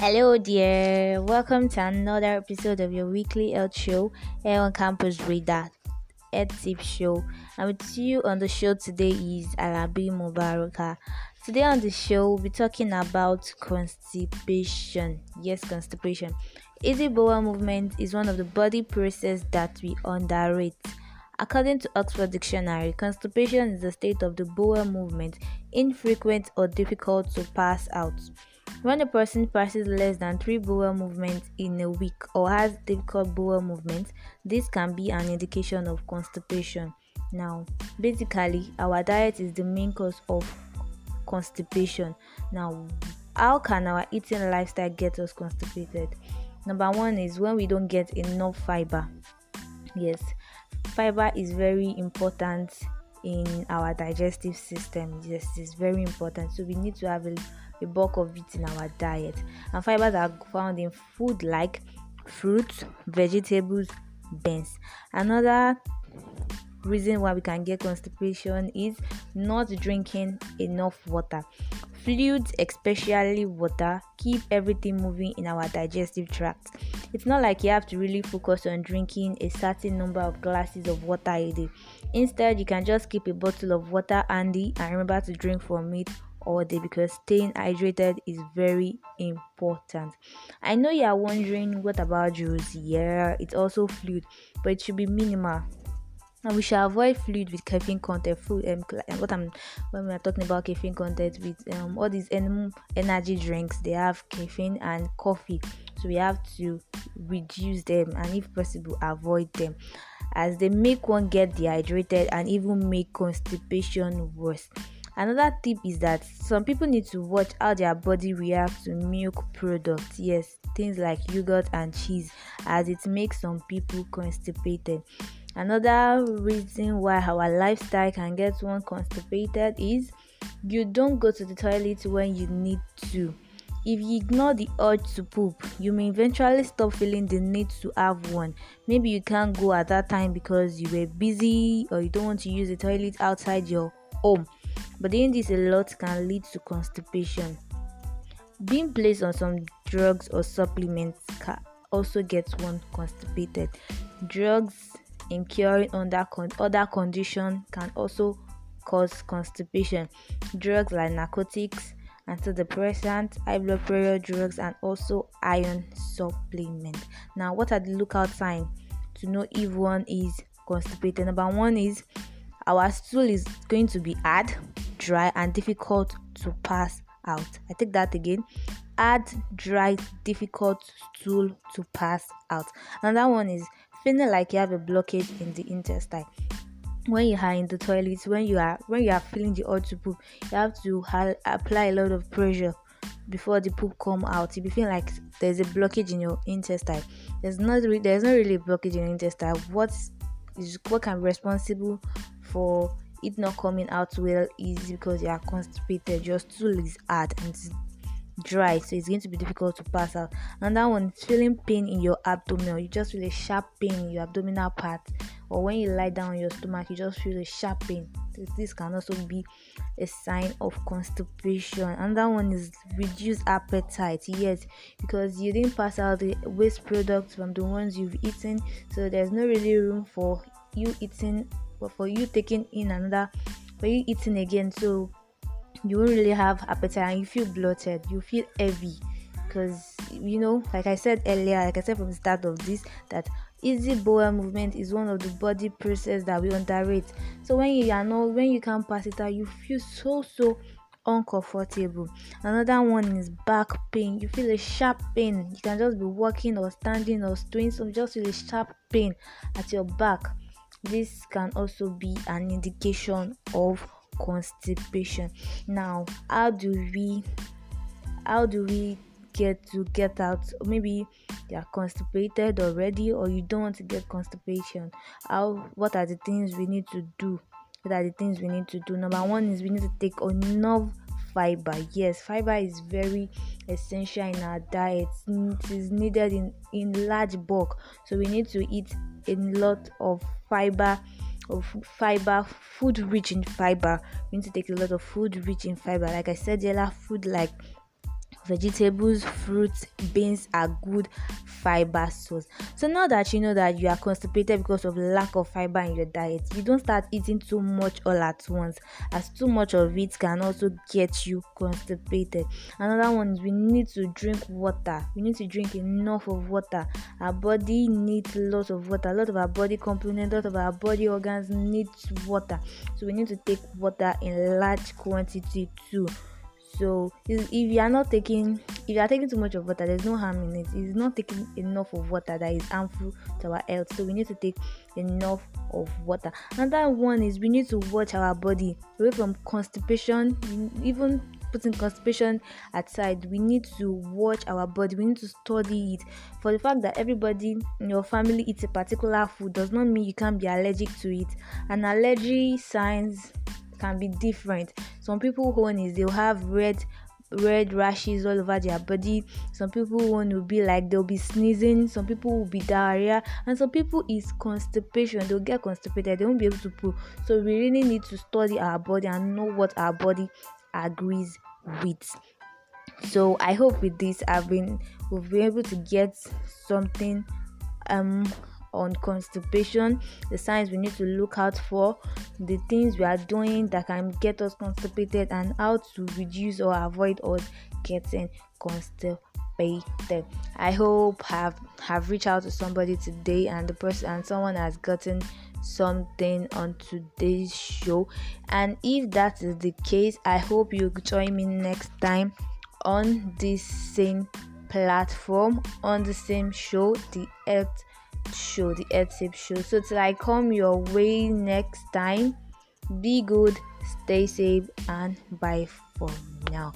Hello, dear. Welcome to another episode of your weekly health show here on Campus Reader. Health Tip Show. And with you on the show today is Alabi Mubaraka. Today on the show, we'll be talking about constipation. Yes, constipation. Easy bowel movement is one of the body processes that we underrate. According to Oxford Dictionary, constipation is the state of the bowel movement, infrequent or difficult to pass out. When a person passes less than three bowel movements in a week or has difficult bowel movements, this can be an indication of constipation. Now, basically, our diet is the main cause of constipation. Now, how can our eating lifestyle get us constipated? Number one is when we don't get enough fiber. Yes, fiber is very important in our digestive system. Yes, it's very important. So we need to have a a bulk of it in our diet. And fibers are found in food like fruits, vegetables, beans. Another reason why we can get constipation is not drinking enough water. Fluids, especially water, keep everything moving in our digestive tract. It's not like you have to really focus on drinking a certain number of glasses of water a day. Instead, you can just keep a bottle of water handy and remember to drink from it all day because staying hydrated is very important. I know you are wondering what about juice? Yeah, it's also fluid, but it should be minimal. And we should avoid fluid with caffeine content. Food, um, what I'm when we are talking about caffeine content with um, all these en- energy drinks, they have caffeine and coffee, so we have to reduce them and, if possible, avoid them as they make one get dehydrated and even make constipation worse. Another tip is that some people need to watch how their body reacts to milk products. Yes, things like yogurt and cheese, as it makes some people constipated. Another reason why our lifestyle can get one constipated is you don't go to the toilet when you need to. If you ignore the urge to poop, you may eventually stop feeling the need to have one. Maybe you can't go at that time because you were busy or you don't want to use the toilet outside your home but doing this a lot can lead to constipation. Being placed on some drugs or supplements can also get one constipated. Drugs in curing under con- other condition can also cause constipation. Drugs like narcotics, antidepressants, high blood pressure drugs, and also iron supplement. Now, what are the lookout signs to know if one is constipated? Number one is our stool is going to be hard, dry, and difficult to pass out. I take that again. Hard, dry, difficult stool to pass out. Another one is feeling like you have a blockage in the intestine when you are in the toilet when you are when you are feeling the urge to poop you have to ha- apply a lot of pressure before the poop come out you feel feeling like there's a blockage in your intestine there's not re- there's not really a blockage in your intestine what is what can be responsible for it not coming out well is because you are constipated your stool is hard and dry so it's going to be difficult to pass out And that one feeling pain in your abdomen you just feel a sharp pain in your abdominal part or when you lie down on your stomach you just feel a sharp pain this can also be a sign of constipation And that one is reduced appetite yes because you didn't pass out the waste products from the ones you've eaten so there's no really room for you eating but for you taking in another for you eating again so you won't really have appetite and you feel bloated you feel heavy because you know like i said earlier like i said from the start of this that easy bowel movement is one of the body process that we underrate so when you are not when you can't pass it out you feel so so uncomfortable another one is back pain you feel a sharp pain you can just be walking or standing or doing some just feel a sharp pain at your back this can also be an indication of constipation. Now, how do we how do we get to get out maybe you are constipated already or you don't want to get constipation how what are the things we need to do what are the things we need to do number one is we need to take enough fiber yes fiber is very essential in our diet it is needed in in large bulk so we need to eat a lot of fiber of fiber food rich in fiber we need to take a lot of food rich in fiber like i said yellow food like vegetables fruits beans are good fiber source. So now that you know that you are constipated because of lack of fiber in your diet, you don't start eating too much all at once, as too much of it can also get you constipated. Another one is we need to drink water. We need to drink enough of water. Our body needs lots of water. A lot of our body components, a lot of our body organs needs water. So we need to take water in large quantity too. So if you are not taking if you are taking too much of water, there's no harm in it. It's not taking enough of water that is harmful to our health. So we need to take enough of water. Another one is we need to watch our body away from constipation, even putting constipation aside. We need to watch our body. We need to study it. For the fact that everybody in your family eats a particular food does not mean you can't be allergic to it. An allergy signs can be different. Some people own is they'll have red red rashes all over their body. Some people one will be like they'll be sneezing, some people will be diarrhea, and some people is constipation. They'll get constipated, they won't be able to poo. So we really need to study our body and know what our body agrees with. So I hope with this I've been we've been able to get something um on constipation, the signs we need to look out for, the things we are doing that can get us constipated, and how to reduce or avoid us getting constipated. I hope have have reached out to somebody today, and the person and someone has gotten something on today's show. And if that is the case, I hope you join me next time on this same platform on the same show, the Earth show, the Earth show. So till I come your way next time, be good, stay safe, and bye for now.